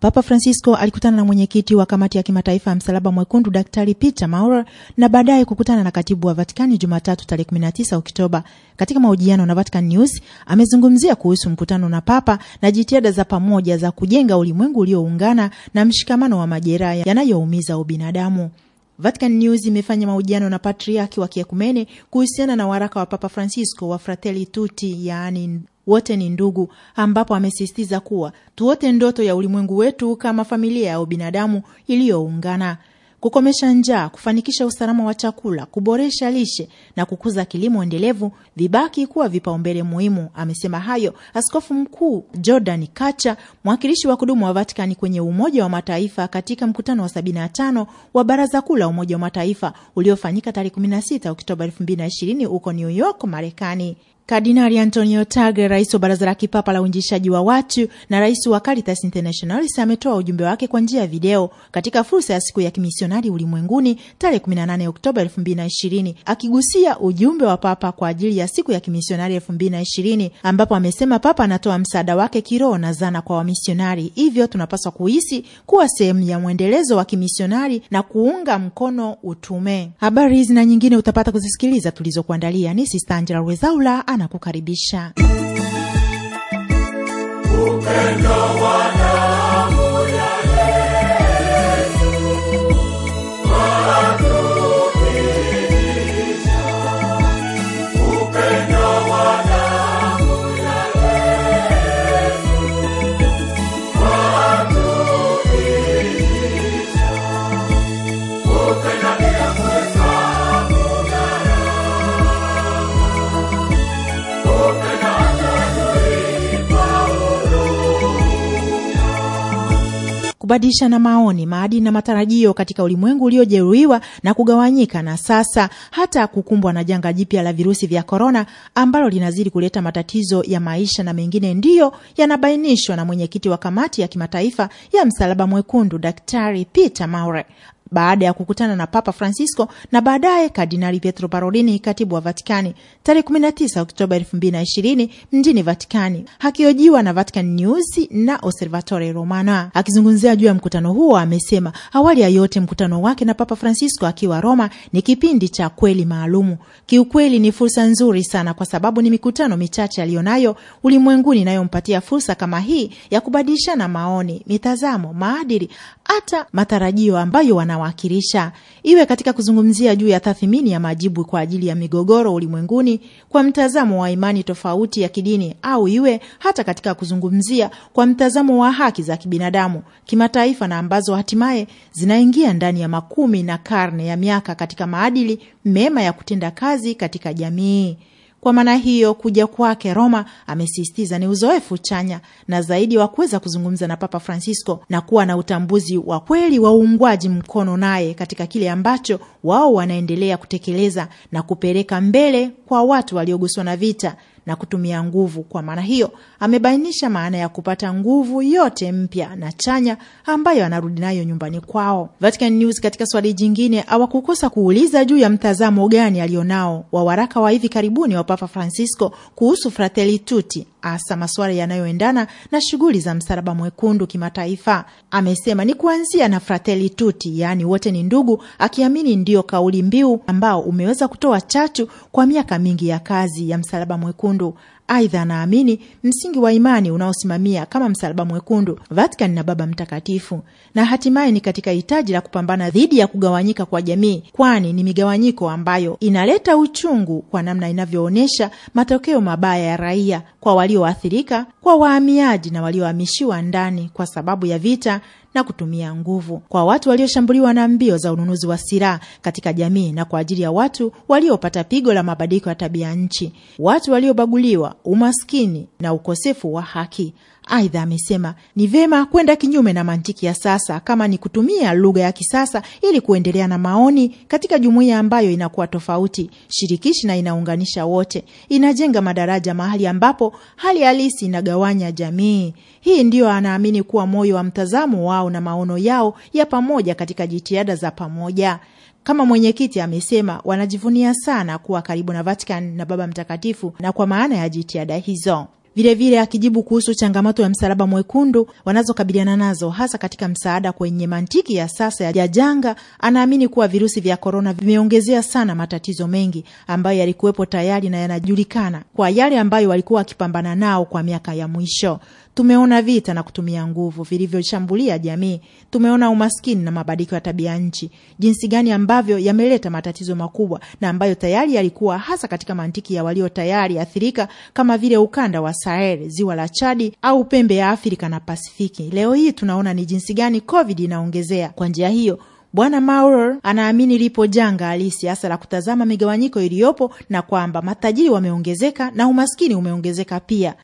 Papa Francisco alikutana na mwenyekiti wa kamati ya kimataifa ya msalaba mwekundu Daktari Peter Maurer na baadaye kukutana na katibu wa Vatikani Jumatatu tarehe 19 Oktoba. Katika mahojiano na Vatican News amezungumzia kuhusu mkutano na Papa na jitihada za pamoja za kujenga ulimwengu ulioungana na mshikamano wa majeraha yanayoumiza ubinadamu. Vatican News imefanya mahojiano na patriaki wa kiekumene kuhusiana na waraka wa Papa Francisco wa Fratelli Tutti, yaani wote ni ndugu, ambapo amesisitiza kuwa tuote ndoto ya ulimwengu wetu kama familia ya ubinadamu iliyoungana kukomesha njaa, kufanikisha usalama wa chakula, kuboresha lishe na kukuza kilimo endelevu vibaki kuwa vipaumbele muhimu. Amesema hayo Askofu Mkuu Jordan Kacha, mwakilishi wa kudumu wa Vatikani kwenye Umoja wa Mataifa, katika mkutano wa 75 wa Baraza Kuu la Umoja wa Mataifa uliofanyika tarehe 16 Oktoba 2020 huko New York, Marekani. Kardinali Antonio tagre rais wa baraza la kipapa la uinjishaji wa watu na rais wa Caritas Internationalis, ametoa ujumbe wake kwa njia ya video katika fursa ya siku ya kimisionari ulimwenguni tarehe 18 Oktoba 2020, akigusia ujumbe wa papa kwa ajili ya siku ya kimisionari 2020, ambapo amesema papa anatoa msaada wake kiroho na zana kwa wamisionari, hivyo tunapaswa kuhisi kuwa sehemu ya mwendelezo wa kimisionari na kuunga mkono utume. Habari hizi na nyingine utapata kuzisikiliza tulizokuandalia. Ni Sista Angela Rwezaula na kukaribisha wana kubadilishana maoni, maadili na matarajio katika ulimwengu uliojeruhiwa na kugawanyika, na sasa hata kukumbwa na janga jipya la virusi vya korona ambalo linazidi kuleta matatizo ya maisha na mengine ndiyo yanabainishwa na mwenyekiti wa kamati ya kimataifa ya Msalaba Mwekundu Daktari Peter Maurer baada ya kukutana na Papa Francisco na baadaye Kardinali Pietro Parolini, katibu wa Vatikani, tarehe 19 Oktoba 2020 mjini Vatikani, akihojiwa na Vatican News na Osservatore Romano. Akizungumzia juu ya mkutano huo, amesema awali ya yote mkutano wake na Papa Francisco akiwa Roma ni kipindi cha kweli maalumu. Kiukweli ni fursa nzuri sana, kwa sababu ni mikutano michache aliyonayo ulimwenguni inayompatia fursa kama hii ya kubadilishana maoni, mitazamo, maadili, hata matarajio ambayo wana inawakilisha, iwe katika kuzungumzia juu ya tathmini ya majibu kwa ajili ya migogoro ulimwenguni kwa mtazamo wa imani tofauti ya kidini, au iwe hata katika kuzungumzia kwa mtazamo wa haki za kibinadamu kimataifa, na ambazo hatimaye zinaingia ndani ya makumi na karne ya miaka katika maadili mema ya kutenda kazi katika jamii. Kwa maana hiyo kuja kwake Roma, amesisitiza ni uzoefu chanya na zaidi wa kuweza kuzungumza na Papa Francisco na kuwa na utambuzi wa kweli wa uungwaji mkono naye katika kile ambacho wao wanaendelea kutekeleza na kupeleka mbele kwa watu walioguswa na vita na kutumia nguvu. Kwa maana hiyo, amebainisha maana ya kupata nguvu yote mpya na chanya ambayo anarudi nayo nyumbani kwao. Vatican News katika swali jingine hawakukosa kuuliza juu ya mtazamo gani alionao wa waraka wa hivi karibuni wa Papa Francisco kuhusu Fratelli Tutti, hasa masuala yanayoendana na shughuli za Msalaba Mwekundu kimataifa. Amesema ni kuanzia na Fratelli Tutti, yaani wote ni ndugu, akiamini ndiyo kauli mbiu ambao umeweza kutoa chachu kwa miaka mingi ya kazi ya Msalaba Mwekundu mwekundu. Aidha, anaamini msingi wa imani unaosimamia kama msalaba mwekundu, Vatican na Baba Mtakatifu, na hatimaye ni katika hitaji la kupambana dhidi ya kugawanyika kwa jamii, kwani ni migawanyiko ambayo inaleta uchungu kwa namna inavyoonyesha matokeo mabaya ya raia, kwa walioathirika, kwa wahamiaji na waliohamishiwa ndani kwa sababu ya vita na kutumia nguvu kwa watu walioshambuliwa na mbio za ununuzi wa silaha katika jamii na kwa ajili ya watu waliopata pigo la mabadiliko ya tabia nchi, watu waliobaguliwa, umaskini na ukosefu wa haki. Aidha, amesema ni vema kwenda kinyume na mantiki ya sasa kama ni kutumia lugha ya kisasa ili kuendelea na maoni katika jumuiya ambayo inakuwa tofauti, shirikishi na inaunganisha wote, inajenga madaraja mahali ambapo hali halisi inagawanya jamii. Hii ndiyo anaamini kuwa moyo wa mtazamo wao na maono yao ya pamoja katika jitihada za pamoja. Kama mwenyekiti amesema wanajivunia sana kuwa karibu na Vatican na Baba Mtakatifu na kwa maana ya jitihada hizo Vilevile akijibu kuhusu changamoto ya msalaba mwekundu wanazokabiliana nazo hasa katika msaada kwenye mantiki ya sasa ya janga, anaamini kuwa virusi vya korona vimeongezea sana matatizo mengi ambayo yalikuwepo tayari na yanajulikana kwa yale ambayo walikuwa wakipambana nao kwa miaka ya mwisho. Tumeona vita na kutumia nguvu vilivyoshambulia jamii. Tumeona umaskini na mabadiliko ya tabia nchi, jinsi gani ambavyo yameleta matatizo makubwa na ambayo tayari yalikuwa hasa katika mantiki ya walio tayari athirika, kama vile ukanda wa Sahel, ziwa la Chadi au pembe ya Afrika na Pasifiki. Leo hii tunaona ni jinsi gani COVID inaongezea. Kwa njia hiyo Bwana Maurer anaamini lipo janga halisi hasa la kutazama migawanyiko iliyopo na kwamba matajiri wameongezeka na umaskini umeongezeka pia.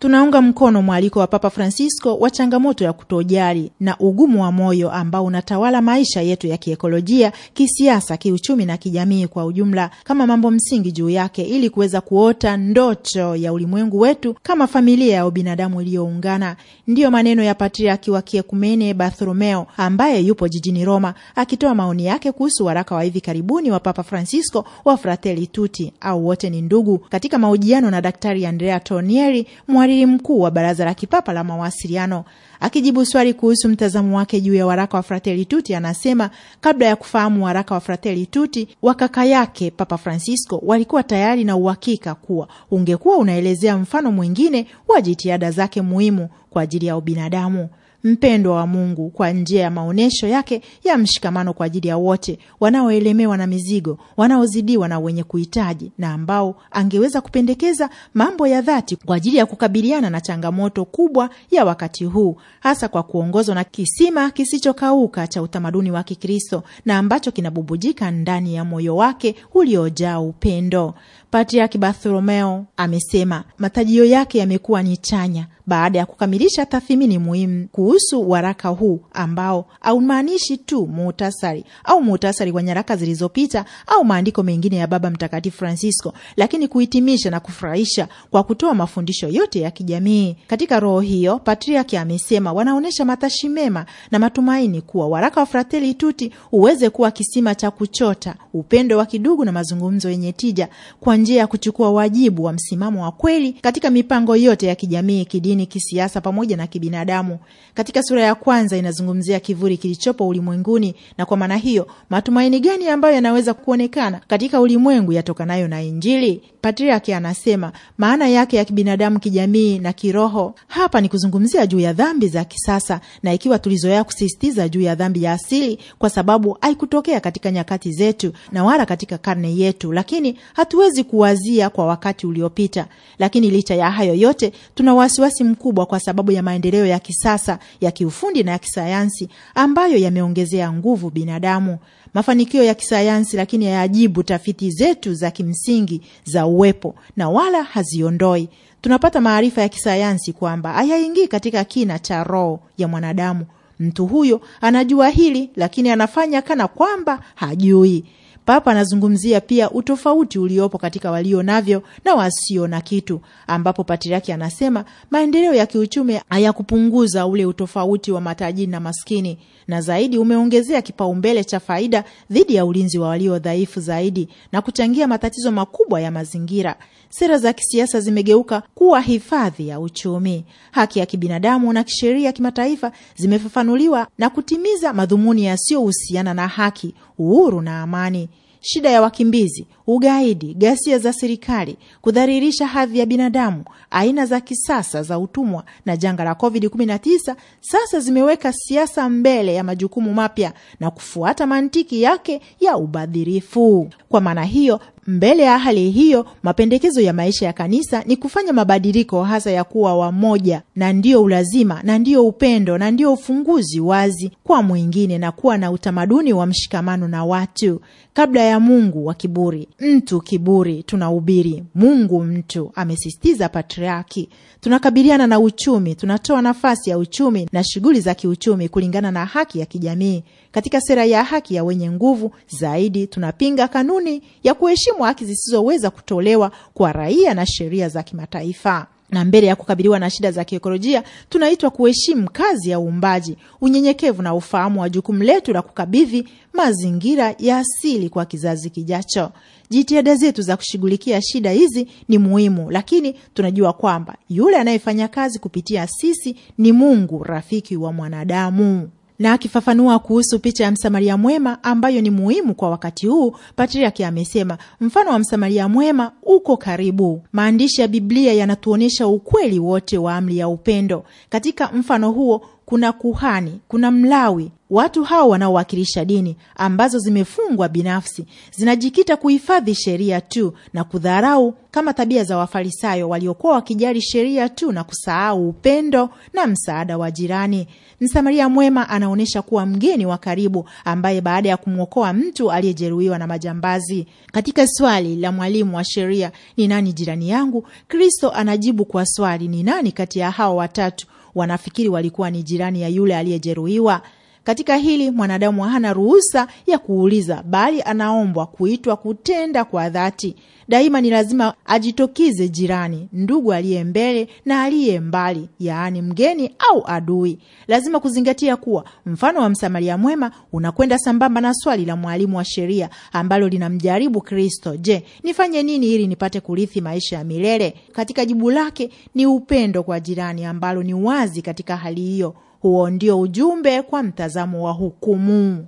Tunaunga mkono mwaliko wa Papa Francisco wa changamoto ya kutojali na ugumu wa moyo ambao unatawala maisha yetu ya kiekolojia, kisiasa, kiuchumi na kijamii kwa ujumla kama mambo msingi juu yake, ili kuweza kuota ndoto ya ulimwengu wetu kama familia ya ubinadamu iliyoungana. Ndiyo maneno ya Patriaki wa Kiekumene Bartholomeo ambaye yupo jijini Roma akitoa maoni yake kuhusu waraka wa hivi karibuni wa Papa Francisco wa Fratelli Tutti au wote ni ndugu, katika mahojiano na Daktari Andrea Tornielli mhariri mkuu wa Baraza la Kipapa la Mawasiliano. Akijibu swali kuhusu mtazamo wake juu ya waraka wa frateli tuti anasema kabla ya kufahamu waraka wa frateli tuti wa kaka yake Papa Francisco walikuwa tayari na uhakika kuwa ungekuwa unaelezea mfano mwingine wa jitihada zake muhimu kwa ajili ya ubinadamu mpendwa wa Mungu kwa njia ya maonyesho yake ya mshikamano kwa ajili ya wote wanaoelemewa na mizigo, wanaozidiwa na wenye kuhitaji, na ambao angeweza kupendekeza mambo ya dhati kwa ajili ya kukabiliana na changamoto kubwa ya wakati huu, hasa kwa kuongozwa na kisima kisichokauka cha utamaduni wa Kikristo na ambacho kinabubujika ndani ya moyo wake uliojaa upendo. Patriarki Bartholomeo amesema matajio yake yamekuwa ni chanya baada ya kukamilisha tathmini muhimu kuhusu waraka huu ambao haumaanishi tu muhtasari au muhtasari wa nyaraka zilizopita au maandiko mengine ya Baba Mtakatifu Francisco, lakini kuhitimisha na kufurahisha kwa kutoa mafundisho yote ya kijamii. Katika roho hiyo, Patriaki amesema wanaonyesha matashi mema na matumaini kuwa waraka wa Fratelli Tutti uweze kuwa kisima cha kuchota upendo wa kidugu na mazungumzo yenye tija kwa njia ya kuchukua wajibu wa msimamo wa kweli katika mipango yote ya kijamii, kidini, kisiasa pamoja na kibinadamu. Katika sura ya kwanza inazungumzia kivuli kilichopo ulimwenguni, na kwa maana hiyo matumaini gani ambayo yanaweza kuonekana katika ulimwengu yatokanayo na Injili? Patriaki anasema maana yake ya kibinadamu, kijamii na kiroho hapa ni kuzungumzia juu ya dhambi za kisasa, na ikiwa tulizoea kusisitiza juu ya dhambi ya asili, kwa sababu haikutokea katika nyakati zetu na wala katika karne yetu, lakini hatuwezi kuwazia kwa wakati uliopita. Lakini licha ya hayo yote, tuna wasiwasi mkubwa kwa sababu ya maendeleo ya kisasa ya kiufundi na ya kisayansi ambayo yameongezea nguvu binadamu mafanikio ya kisayansi, lakini hayajibu tafiti zetu za kimsingi za uwepo na wala haziondoi. Tunapata maarifa ya kisayansi kwamba hayaingii katika kina cha roho ya mwanadamu. Mtu huyo anajua hili, lakini anafanya kana kwamba hajui. Papa anazungumzia pia utofauti uliopo katika walio navyo na wasio na kitu, ambapo Patriaki anasema maendeleo ya kiuchumi hayakupunguza ule utofauti wa matajiri na maskini, na zaidi umeongezea kipaumbele cha faida dhidi ya ulinzi wa walio dhaifu zaidi na kuchangia matatizo makubwa ya mazingira. Sera za kisiasa zimegeuka kuwa hifadhi ya uchumi. Haki ya kibinadamu na kisheria ya kimataifa zimefafanuliwa na kutimiza madhumuni yasiyohusiana na haki, uhuru na amani shida ya wakimbizi ugaidi, ghasia za serikali, kudharirisha hadhi ya binadamu, aina za kisasa za utumwa na janga la COVID-19 sasa zimeweka siasa mbele ya majukumu mapya na kufuata mantiki yake ya ubadhirifu. Kwa maana hiyo, mbele ya hali hiyo, mapendekezo ya maisha ya kanisa ni kufanya mabadiliko hasa ya kuwa wamoja, na ndiyo ulazima na ndiyo upendo na ndiyo ufunguzi wazi kwa mwingine na kuwa na utamaduni wa mshikamano na watu kabla ya Mungu wa kiburi mtu kiburi, tunahubiri Mungu mtu, amesisitiza patriaki. Tunakabiliana na uchumi, tunatoa nafasi ya uchumi na shughuli za kiuchumi kulingana na haki ya kijamii. Katika sera ya haki ya wenye nguvu zaidi, tunapinga kanuni ya kuheshimu haki zisizoweza kutolewa kwa raia na sheria za kimataifa na mbele ya kukabiliwa na shida za kiekolojia tunaitwa kuheshimu kazi ya uumbaji, unyenyekevu na ufahamu wa jukumu letu la kukabidhi mazingira ya asili kwa kizazi kijacho. Jitihada zetu za kushughulikia shida hizi ni muhimu, lakini tunajua kwamba yule anayefanya kazi kupitia sisi ni Mungu, rafiki wa mwanadamu na akifafanua kuhusu picha ya msamaria mwema ambayo ni muhimu kwa wakati huu, patriaki amesema mfano wa msamaria mwema uko karibu. Maandishi ya Biblia yanatuonyesha ukweli wote wa amri ya upendo. Katika mfano huo kuna kuhani, kuna Mlawi. Watu hao wanaowakilisha dini ambazo zimefungwa binafsi zinajikita kuhifadhi sheria tu na kudharau, kama tabia za Wafarisayo waliokuwa wakijali sheria tu na kusahau upendo na msaada wa jirani. Msamaria mwema anaonyesha kuwa mgeni wa karibu ambaye baada ya kumwokoa mtu aliyejeruhiwa na majambazi. Katika swali la mwalimu wa sheria, ni nani jirani yangu, Kristo anajibu kwa swali, ni nani kati ya hao watatu wanafikiri walikuwa ni jirani ya yule aliyejeruhiwa. Katika hili mwanadamu hana ruhusa ya kuuliza, bali anaombwa kuitwa kutenda kwa dhati daima ni lazima ajitokize jirani, ndugu aliye mbele na aliye mbali, yaani mgeni au adui. Lazima kuzingatia kuwa mfano wa Msamaria mwema unakwenda sambamba na swali la mwalimu wa sheria ambalo linamjaribu Kristo: je, nifanye nini ili nipate kurithi maisha ya milele? Katika jibu lake ni upendo kwa jirani, ambalo ni wazi katika hali hiyo. Huo ndio ujumbe kwa mtazamo wa hukumu.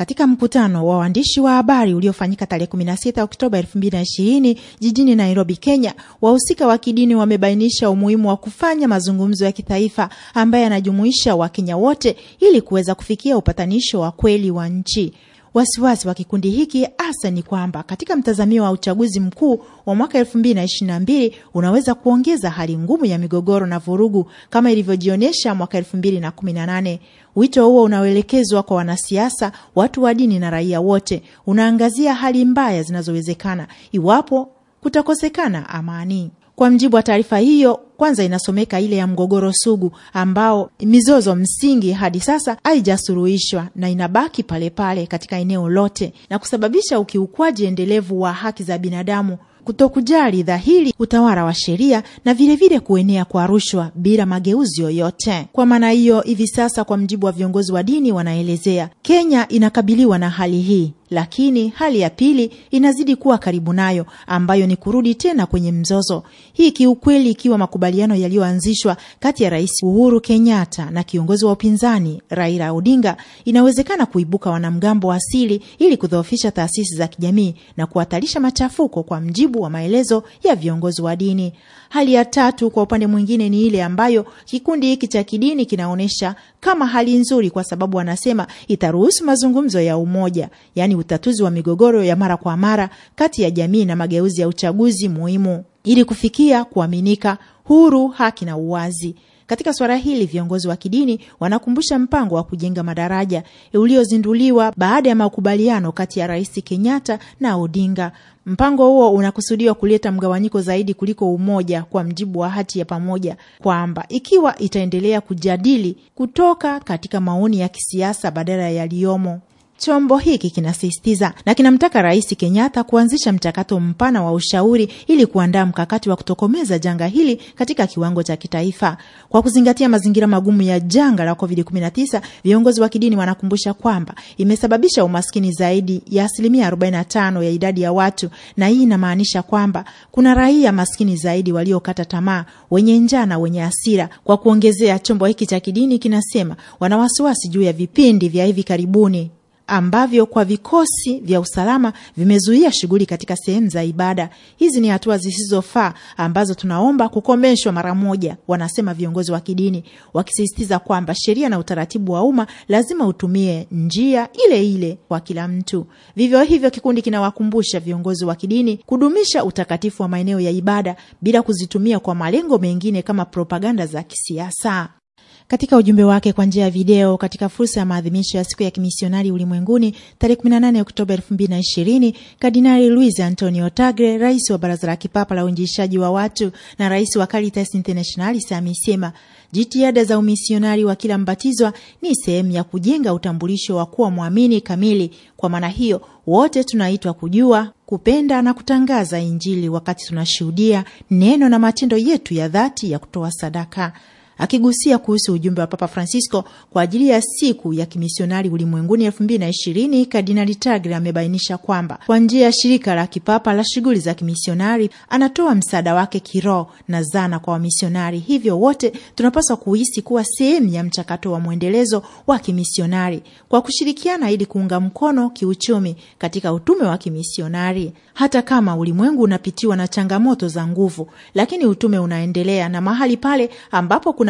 Katika mkutano wa waandishi wa habari uliofanyika tarehe 16 Oktoba 2020 jijini Nairobi, Kenya, wahusika wa kidini wamebainisha umuhimu wa kufanya mazungumzo ya kitaifa ambayo yanajumuisha Wakenya wote ili kuweza kufikia upatanisho wa kweli wa nchi. Wasiwasi wa kikundi hiki hasa ni kwamba katika mtazamio wa uchaguzi mkuu wa mwaka elfu mbili na ishirini na mbili unaweza kuongeza hali ngumu ya migogoro na vurugu kama ilivyojionyesha mwaka elfu mbili na kumi na nane. Wito huo unaoelekezwa kwa wanasiasa, watu wa dini na raia wote unaangazia hali mbaya zinazowezekana iwapo kutakosekana amani. Kwa mjibu wa taarifa hiyo, kwanza inasomeka ile ya mgogoro sugu ambao mizozo msingi hadi sasa haijasuluhishwa na inabaki palepale pale katika eneo lote na kusababisha ukiukwaji endelevu wa haki za binadamu kutokujali dhahiri utawala wa sheria na vilevile kuenea kwa rushwa bila mageuzi yoyote. Kwa maana hiyo, hivi sasa, kwa mjibu wa viongozi wa dini wanaelezea, Kenya inakabiliwa na hali hii lakini hali ya pili inazidi kuwa karibu nayo, ambayo ni kurudi tena kwenye mzozo. Hii kiukweli, ikiwa makubaliano yaliyoanzishwa kati ya Rais Uhuru Kenyatta na kiongozi wa upinzani Raila Odinga, inawezekana kuibuka wanamgambo wa asili ili kudhoofisha taasisi za kijamii na kuhatarisha machafuko, kwa mjibu wa maelezo ya viongozi wa dini. Hali ya tatu kwa upande mwingine ni ile ambayo kikundi hiki cha kidini kinaonyesha kama hali nzuri, kwa sababu wanasema itaruhusu mazungumzo ya umoja, yaani utatuzi wa migogoro ya mara kwa mara kati ya jamii na mageuzi ya uchaguzi muhimu ili kufikia kuaminika, huru, haki na uwazi. Katika swala hili viongozi wa kidini wanakumbusha mpango wa kujenga madaraja uliozinduliwa baada ya makubaliano kati ya Rais Kenyatta na Odinga. Mpango huo unakusudiwa kuleta mgawanyiko zaidi kuliko umoja, kwa mjibu wa hati ya pamoja, kwamba ikiwa itaendelea kujadili kutoka katika maoni ya kisiasa badala ya yaliyomo. Chombo hiki kinasisitiza na kinamtaka Rais Kenyatta kuanzisha mchakato mpana wa ushauri ili kuandaa mkakati wa kutokomeza janga hili katika kiwango cha kitaifa. Kwa kuzingatia mazingira magumu ya janga la COVID-19, viongozi wa kidini wanakumbusha kwamba imesababisha umaskini zaidi ya asilimia 45 ya idadi ya watu, na hii inamaanisha kwamba kuna raia maskini zaidi waliokata tamaa, wenye njaa na wenye hasira. Kwa kuongezea, chombo hiki cha kidini kinasema wana wasiwasi juu ya vipindi vya hivi karibuni ambavyo kwa vikosi vya usalama vimezuia shughuli katika sehemu za ibada. Hizi ni hatua zisizofaa ambazo tunaomba kukomeshwa mara moja, wanasema viongozi wa kidini, wakisisitiza kwamba sheria na utaratibu wa umma lazima utumie njia ile ile kwa kila mtu. Vivyo hivyo, kikundi kinawakumbusha viongozi wa kidini kudumisha utakatifu wa maeneo ya ibada bila kuzitumia kwa malengo mengine kama propaganda za kisiasa. Katika ujumbe wake kwa njia ya video katika fursa ya maadhimisho ya siku ya kimisionari ulimwenguni tarehe 18 Oktoba 2020, Kardinali Luis Antonio tagre rais wa Baraza la Kipapa la Uinjilishaji wa Watu na rais wa Caritas Internationalis, amesema jitihada za umisionari wa kila mbatizwa ni sehemu ya kujenga utambulisho wa kuwa mwamini kamili. Kwa maana hiyo, wote tunaitwa kujua kupenda na kutangaza Injili wakati tunashuhudia neno na matendo yetu ya dhati ya kutoa sadaka akigusia kuhusu ujumbe wa Papa Francisco kwa ajili ya siku ya kimisionari ulimwenguni elfu mbili na ishirini, Kardinali Tagle amebainisha kwamba kwa njia ya shirika la kipapa la shughuli za kimisionari anatoa msaada wake kiroho na zana kwa wamisionari. Hivyo wote tunapaswa kuhisi kuwa sehemu ya mchakato wa mwendelezo wa kimisionari kwa kushirikiana, ili kuunga mkono kiuchumi katika utume wa kimisionari. Hata kama ulimwengu unapitiwa na changamoto za nguvu, lakini utume unaendelea, na mahali pale ambapo kuna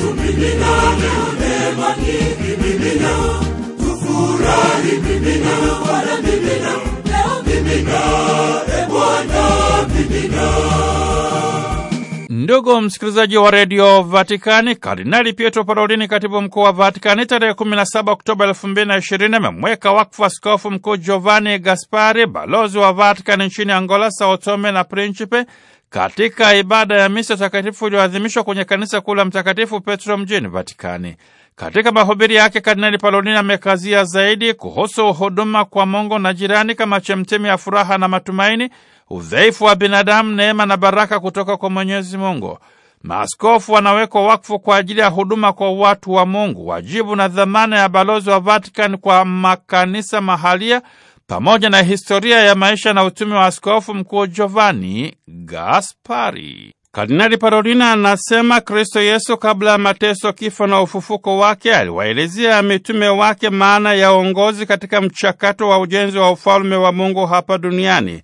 tumiminane neema nyingi mimina tufurahi eh, mimina bwana mimina leo mimina e bwana mimina Ndugu msikilizaji wa redio Vatikani, Kardinali Pietro Parolini, katibu mkuu wa Vatikani, tarehe 17 Oktoba 2020 amemweka wakfu askofu mkuu Giovanni Gaspari, balozi wa Vatikani nchini Angola, Sao Tome na Principe, katika ibada ya misa takatifu iliyoadhimishwa kwenye kanisa kuu la Mtakatifu Petro mjini Vatikani. Katika mahubiri yake, Kardinali Parolin amekazia zaidi kuhusu huduma kwa Mungu na jirani kama chemchemi ya furaha na matumaini, udhaifu wa binadamu, neema na baraka kutoka kwa Mwenyezi Mungu. Maaskofu wanawekwa wakfu kwa ajili ya huduma kwa watu wa Mungu, wajibu na dhamana ya balozi wa Vatican kwa makanisa mahalia, pamoja na historia ya maisha na utumi wa askofu mkuu Giovanni Gaspari. Kardinali Parolina anasema Kristo Yesu kabla ya mateso, kifo na ufufuko wake aliwaelezea mitume wake maana ya uongozi katika mchakato wa ujenzi wa ufalme wa Mungu hapa duniani.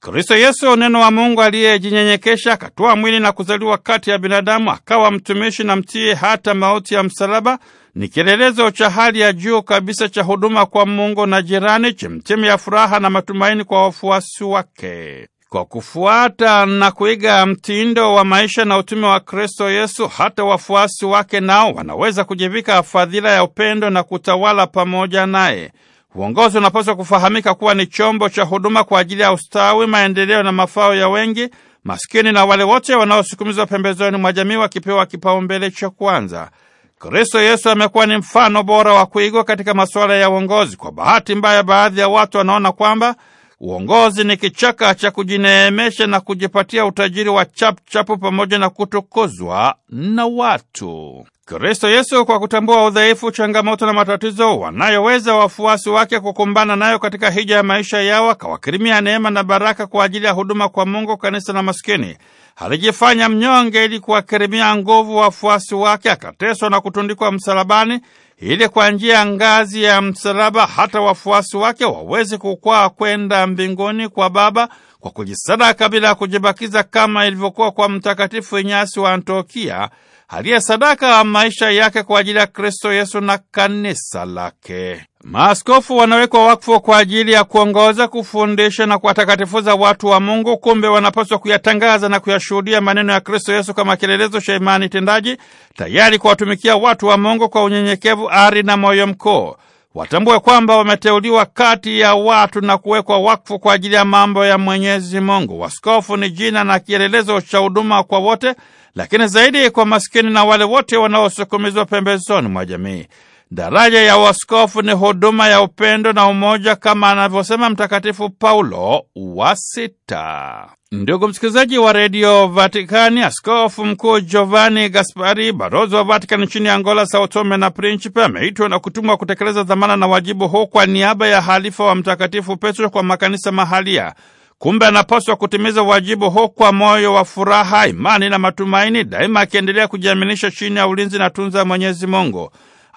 Kristo Yesu, neno wa Mungu aliyejinyenyekesha, akatoa mwili na kuzaliwa kati ya binadamu, akawa mtumishi na mtii hata mauti ya msalaba, ni kielelezo cha hali ya juu kabisa cha huduma kwa Mungu na jirani, chemchemi ya furaha na matumaini kwa wafuasi wake. Kwa kufuata na kuiga mtindo wa maisha na utume wa Kristo Yesu, hata wafuasi wake nao wanaweza kujivika fadhila ya upendo na kutawala pamoja naye. Uongozi unapaswa kufahamika kuwa ni chombo cha huduma kwa ajili ya ustawi, maendeleo na mafao ya wengi, maskini na wale wote wanaosukumizwa pembezoni mwa jamii, wakipewa kipaumbele cha kwanza. Kristo Yesu amekuwa ni mfano bora wa kuigwa katika masuala ya uongozi. Kwa bahati mbaya, baadhi ya watu wanaona kwamba Uongozi ni kichaka cha kujineemesha na kujipatia utajiri wa chapchapu pamoja na kutukuzwa na watu. Kristo Yesu kwa kutambua udhaifu, changamoto na matatizo wanayoweza wafuasi wake kukumbana nayo katika hija ya maisha yao, akawakirimia neema na baraka kwa ajili ya huduma kwa Mungu, kanisa na maskini. Alijifanya mnyonge ili kuwakirimia nguvu wafuasi wake, akateswa na kutundikwa msalabani ili kwa njia ya ngazi ya msalaba hata wafuasi wake waweze kukwaa kwenda mbinguni kwa Baba kwa kujisadaka bila ya kujibakiza, kama ilivyokuwa kwa Mtakatifu Inyasi wa Antiokia aliyesadaka maisha yake kwa ajili ya Kristo Yesu na kanisa lake. Maaskofu wanawekwa wakfu kwa ajili ya kuongoza, kufundisha na kuwatakatifuza watu wa Mungu. Kumbe wanapaswa kuyatangaza na kuyashuhudia maneno ya Kristo Yesu kama kielelezo cha imani tendaji, tayari kuwatumikia watu wa Mungu kwa unyenyekevu, ari na moyo mkuu. Watambue kwamba wameteuliwa kati ya watu na kuwekwa wakfu kwa ajili ya mambo ya Mwenyezi Mungu. Waskofu ni jina na kielelezo cha huduma kwa wote, lakini zaidi kwa maskini na wale wote wanaosukumizwa pembezoni mwa jamii. Daraja ya uaskofu ni huduma ya upendo na umoja kama anavyosema Mtakatifu Paulo wa Sita. Ndugu msikilizaji wa redio Vatikani, askofu mkuu Giovanni Gaspari, balozi wa Vatikani nchini Angola, Sao Tome na Principe, ameitwa na kutumwa kutekeleza dhamana na wajibu huu kwa niaba ya halifa wa Mtakatifu Petro kwa makanisa mahalia. Kumbe anapaswa kutimiza wajibu huu kwa moyo wa furaha, imani na matumaini, daima akiendelea kujiaminisha chini ya ulinzi na tunza ya Mwenyezi Mungu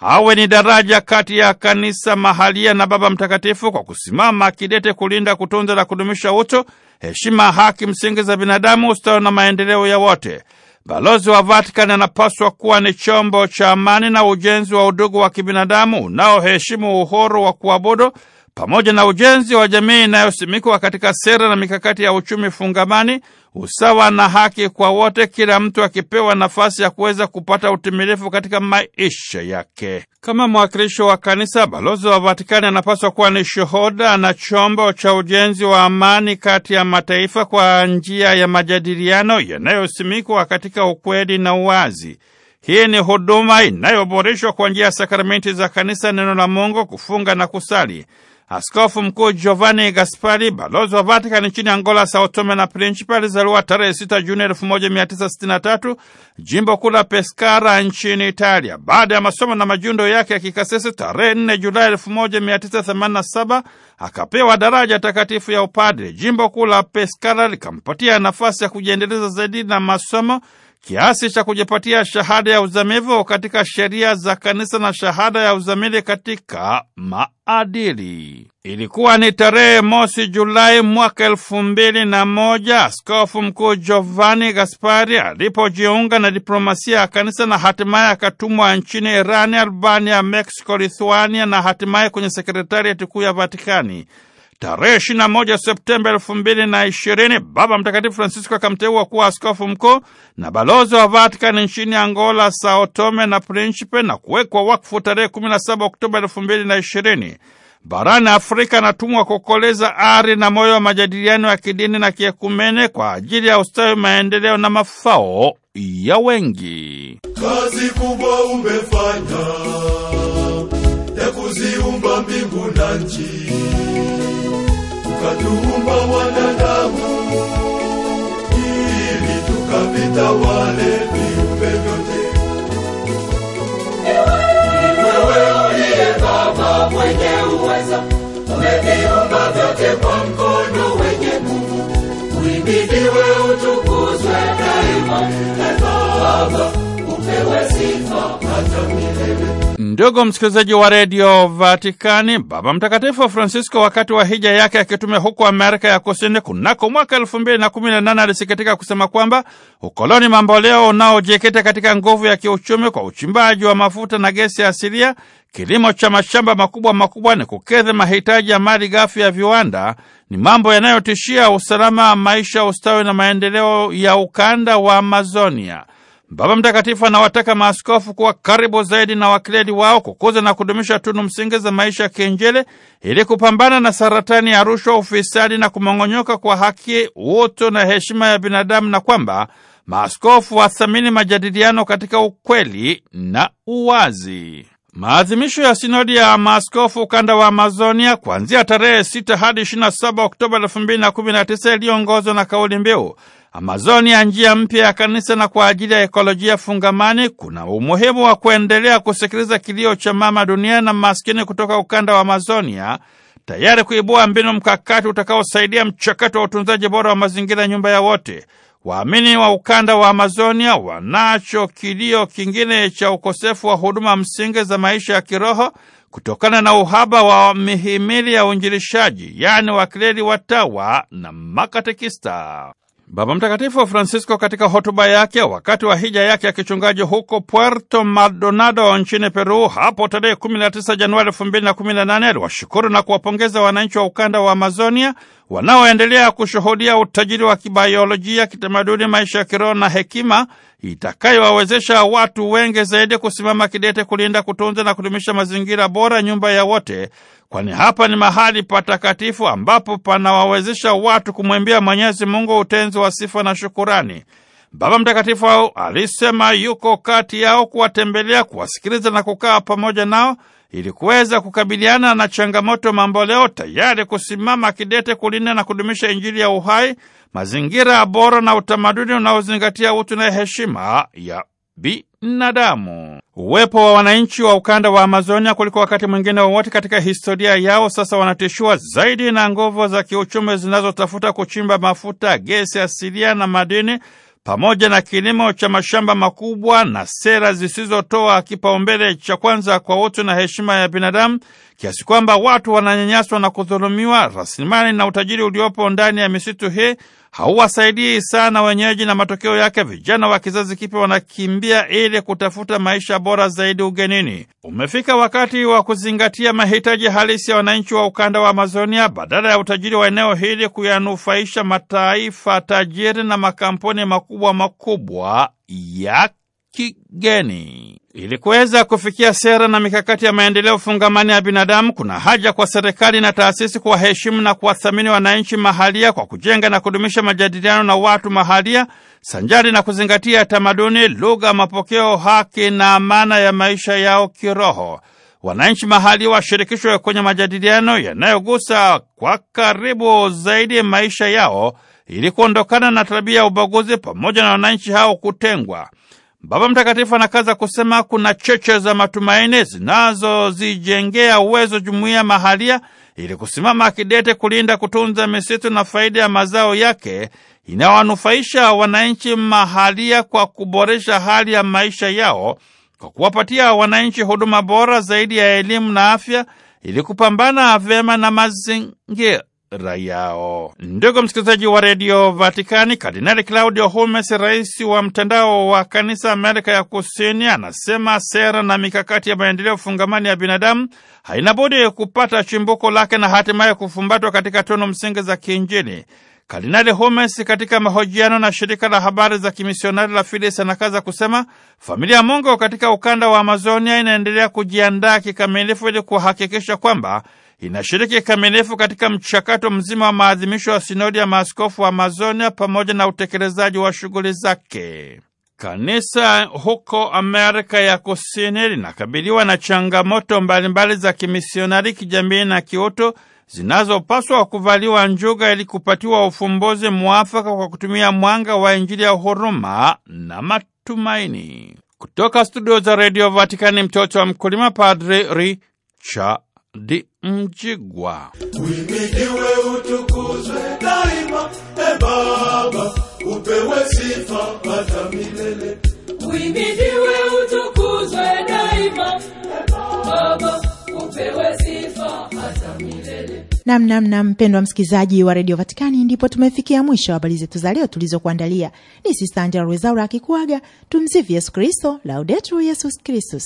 awe ni daraja kati ya kanisa mahalia na Baba Mtakatifu kwa kusimama kidete kulinda, kutunza na kudumisha utu, heshima, haki msingi za binadamu, ustawi na maendeleo ya wote. Balozi wa Vatikani anapaswa kuwa ni chombo cha amani na ujenzi wa udugu wa kibinadamu unaoheshimu uhuru wa kuabudu, pamoja na ujenzi wa jamii inayosimikwa katika sera na mikakati ya uchumi fungamani, usawa na haki kwa wote, kila mtu akipewa nafasi ya kuweza kupata utimilifu katika maisha yake. Kama mwakilishi wa Kanisa, balozi wa Vatikani anapaswa kuwa ni shuhuda na chombo cha ujenzi wa amani kati ya mataifa kwa njia ya majadiliano yanayosimikwa katika ukweli na uwazi. Hii ni huduma inayoboreshwa kwa njia ya sakramenti za Kanisa, neno la Mungu, kufunga na kusali. Askofu Mkuu Giovanni Gaspari, balozi wa Vatikani nchini Angola, Sao Tome na Principe, alizaliwa tarehe 6 Juni 1963 jimbo kuu la Pescara nchini Italia. Baada ya masomo na majundo yake ya kikasisi, tarehe 4 Julai 1987 akapewa daraja takatifu ya upadre. Jimbo kuu la Pescara likampatia nafasi ya kujiendeleza zaidi na masomo kiasi cha kujipatia shahada ya uzamivu katika sheria za kanisa na shahada ya uzamili katika maadili. Ilikuwa ni tarehe mosi Julai mwaka elfu mbili na moja askofu mkuu Giovanni Gaspari alipojiunga na diplomasia ya kanisa na hatimaye akatumwa nchini Irani, Albania, Mexico, Lithuania na hatimaye kwenye sekretarieti kuu ya Vatikani. Tarehe 21 Septemba ishirini Baba Mtakatifu Francisco akamteua kuwa askofu mkuu na balozi wa Vatikani nchini Angola, Sao Tome na Principe na kuwekwa wakfu tarehe 17 Oktoba ishirini Barani Afrika anatumwa kukoleza ari na moyo wa majadiliano ya kidini na kiekumene kwa ajili ya ustawi, maendeleo na mafao ya wengi. Kazi kubwa umefanya ya kuzium mbingu na nchi, ukatuumba wanadamu ili tukavitawale viumbe vyote. Ni wewe uliye Baba mwenye uweza, umeviumba vyote kwa mkono wenye nguvu. Uhimidiwe, utukuzwe daima, e Baba, upewe sifa hata milele. Ndugu msikilizaji wa redio Vatikani, Baba Mtakatifu Francisco wakati wa hija yake akitumia huko Amerika ya Kusini kunako mwaka elfu mbili na kumi na nane alisikitika kusema kwamba ukoloni mamboleo unaojikita katika nguvu ya kiuchumi kwa uchimbaji wa mafuta na gesi asilia, kilimo cha mashamba makubwa makubwa, ni kukedhe mahitaji ya mali ghafi ya viwanda, ni mambo yanayotishia usalama, maisha, ustawi na maendeleo ya ukanda wa Amazonia. Baba Mtakatifu anawataka maaskofu kuwa karibu zaidi na wakleli wao kukuza na kudumisha tunu msingi za maisha ya kiinjili ili kupambana na saratani ya rushwa, ufisadi na kumong'onyoka kwa haki, utu na heshima ya binadamu, na kwamba maaskofu wathamini majadiliano katika ukweli na uwazi. Maadhimisho ya sinodi ya maaskofu ukanda wa Amazonia kuanzia tarehe 6 hadi 27 Oktoba 2019 yaliyoongozwa na kauli mbiu Amazoni ya njia mpya ya kanisa na kwa ajili ya ekolojia fungamani, kuna umuhimu wa kuendelea kusikiliza kilio cha mama dunia na maskini kutoka ukanda wa Amazonia, tayari kuibua mbinu mkakati utakaosaidia mchakato wa utunzaji bora wa mazingira, nyumba ya wote. Waamini wa ukanda wa Amazonia wanacho kilio kingine cha ukosefu wa huduma msingi za maisha ya kiroho kutokana na uhaba wa mihimili ya uinjilishaji, yaani wakleri, watawa na makatekista. Baba Mtakatifu wa Francisco katika hotuba yake wakati wa hija yake ya kichungaji huko Puerto Maldonado nchini Peru hapo tarehe 19 Januari 2018 aliwashukuru na kuwapongeza wananchi wa ukanda wa Amazonia wanaoendelea kushuhudia utajiri wa kibayolojia, kitamaduni, maisha ya kiroho na hekima itakayowawezesha watu wengi zaidi kusimama kidete kulinda, kutunza na kudumisha mazingira bora, nyumba ya wote, kwani hapa ni mahali patakatifu ambapo panawawezesha watu kumwimbia Mwenyezi Mungu utenzi wa sifa na shukurani. Baba Mtakatifu ao alisema yuko kati yao kuwatembelea, kuwasikiliza na kukaa pamoja nao ili kuweza kukabiliana na changamoto mamboleo, tayari kusimama kidete kulinda na kudumisha Injili ya uhai, mazingira bora na utamaduni unaozingatia utu na heshima ya binadamu. Uwepo wa wananchi wa ukanda wa Amazonia kuliko wakati mwingine wowote wa katika historia yao sasa wanatishiwa zaidi na nguvu za kiuchumi zinazotafuta kuchimba mafuta, gesi asilia na madini pamoja na kilimo cha mashamba makubwa na sera zisizotoa kipaumbele cha kwanza kwa utu na heshima ya binadamu, kiasi kwamba watu wananyanyaswa na kudhulumiwa. Rasilimali na utajiri uliopo ndani ya misitu hii hauwasaidii sana wenyeji, na matokeo yake vijana wa kizazi kipya wanakimbia ili kutafuta maisha bora zaidi ugenini. Umefika wakati wa kuzingatia mahitaji halisi ya wananchi wa ukanda wa Amazonia badala ya utajiri wa eneo hili kuyanufaisha mataifa tajiri na makampuni makubwa makubwa ya kigeni. Ili kuweza kufikia sera na mikakati ya maendeleo fungamani ya binadamu, kuna haja kwa serikali na taasisi kuwaheshimu na kuwathamini wananchi mahalia kwa kujenga na kudumisha majadiliano na watu mahalia sanjari na kuzingatia tamaduni, lugha, mapokeo, haki na mana ya maisha yao kiroho. Wananchi mahalia washirikishwe kwenye majadiliano yanayogusa kwa karibu zaidi maisha yao ili kuondokana na tabia ya ubaguzi pamoja na wananchi hao kutengwa. Baba Mtakatifu anakaza kusema kuna cheche za matumaini zinazozijengea uwezo jumuiya mahalia ili kusimama kidete kulinda, kutunza misitu na faida ya mazao yake inayowanufaisha wananchi mahalia kwa kuboresha hali ya maisha yao kwa kuwapatia wananchi huduma bora zaidi ya elimu na afya ili kupambana vyema na mazingira rayao. Ndugu msikilizaji wa redio Vatikani, Kardinali Claudio humes rais wa mtandao wa kanisa Amerika ya Kusini, anasema sera na mikakati ya maendeleo fungamani ya binadamu haina budi kupata chimbuko lake na hatimaye kufumbatwa katika tunu msingi za kiinjili. Kardinali humes katika mahojiano na shirika la habari za kimisionari la Fides anakaza kusema familia Mungu katika ukanda wa Amazonia inaendelea kujiandaa kikamilifu ili kuhakikisha kwamba inashiriki kikamilifu katika mchakato mzima wa maadhimisho ya sinodi ya maaskofu wa Amazonia pamoja na utekelezaji wa shughuli zake. Kanisa huko Amerika ya Kusini linakabiliwa na changamoto mbalimbali za kimisionari, kijamii na kiuto zinazopaswa kuvaliwa njuga ili kupatiwa ufumbuzi mwafaka kwa kutumia mwanga wa Injili ya huruma na matumaini. Kutoka studio za redio Vatikani, mtoto wa mkulima, Padri Richard Di Mjigwa. Uimidiwe, utukuzwe daima, e Baba, upewe sifa hata milele. Uimidiwe, utukuzwe daima, e Baba, upewe sifa Namnamna mpendwa msikilizaji wa redio Vatikani, ndipo tumefikia mwisho wa habari zetu za leo tulizokuandalia. Ni Sista Angela Rwezaura akikuaga. Tumsifu Yesu Kristo, Laudetur Yesus Kristus.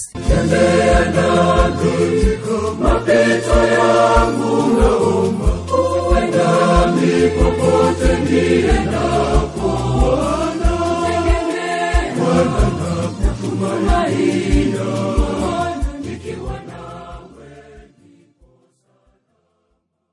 na popote